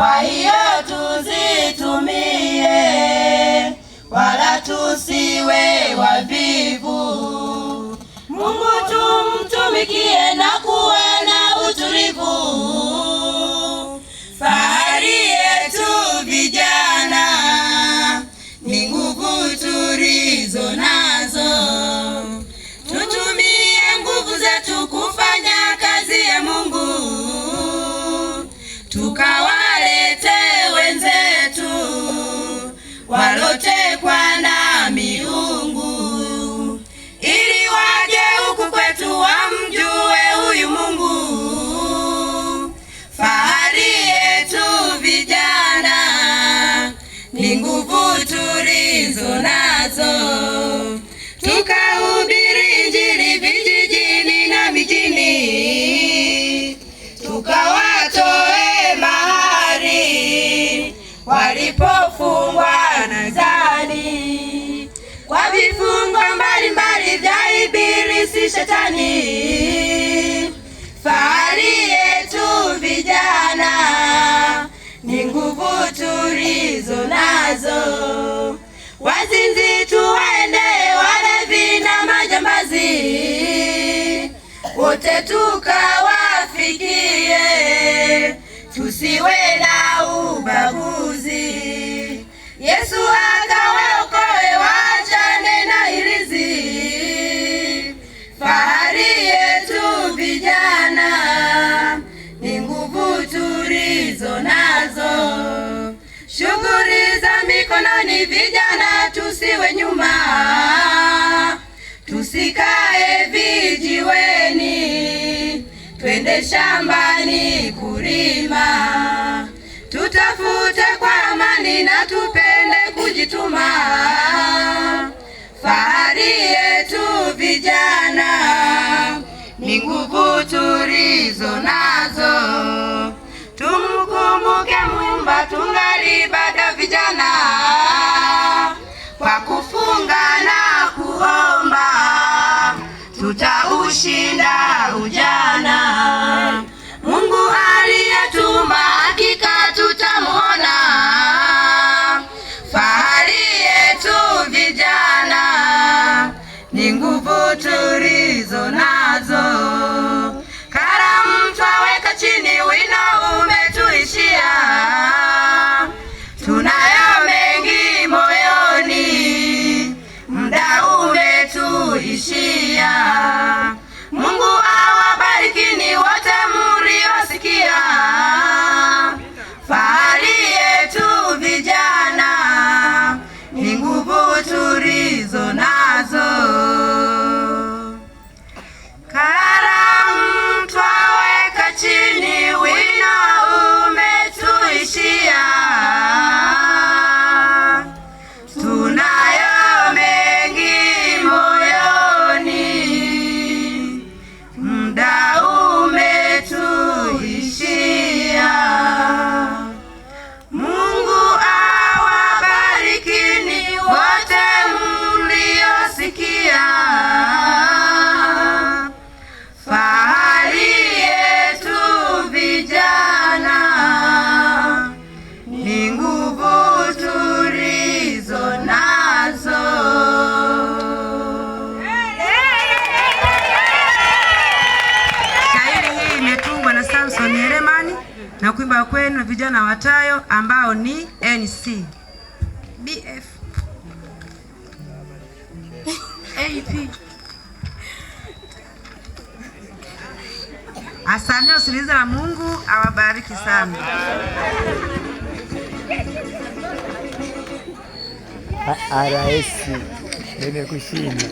Kwa hiyo tuzitumie wala tusiwe wavivu. Mungu tumtumikie na walotekwa na miungu, ili waje huku kwetu wamjue huyu Mungu. Fahari yetu vijana ni nguvu tulizo nazo, tukahubiri Injili vijijini na mijini, tukawatoe mahari walipofungwa gharagani kwa vifungo mbalimbali vya ibilisi shetani. Fahari yetu vijana ni nguvu tulizo nazo, wazinzi tuwaende, walevi na majambazi wote tukawafikie, tusiwe Shughuli za mikononi, vijana tusiwe nyuma, tusikae vijiweni, twende shambani kulima, tutafute kwa amani na tupende kujituma. Fahari yetu vijana ni nguvu tulizo nazo. tutaushinda ujana. na kuimba kwenu na vijana watayo ambao ni NC BF AP. Asante usiliza na Mungu awabariki sana. Raisi nimekushinda.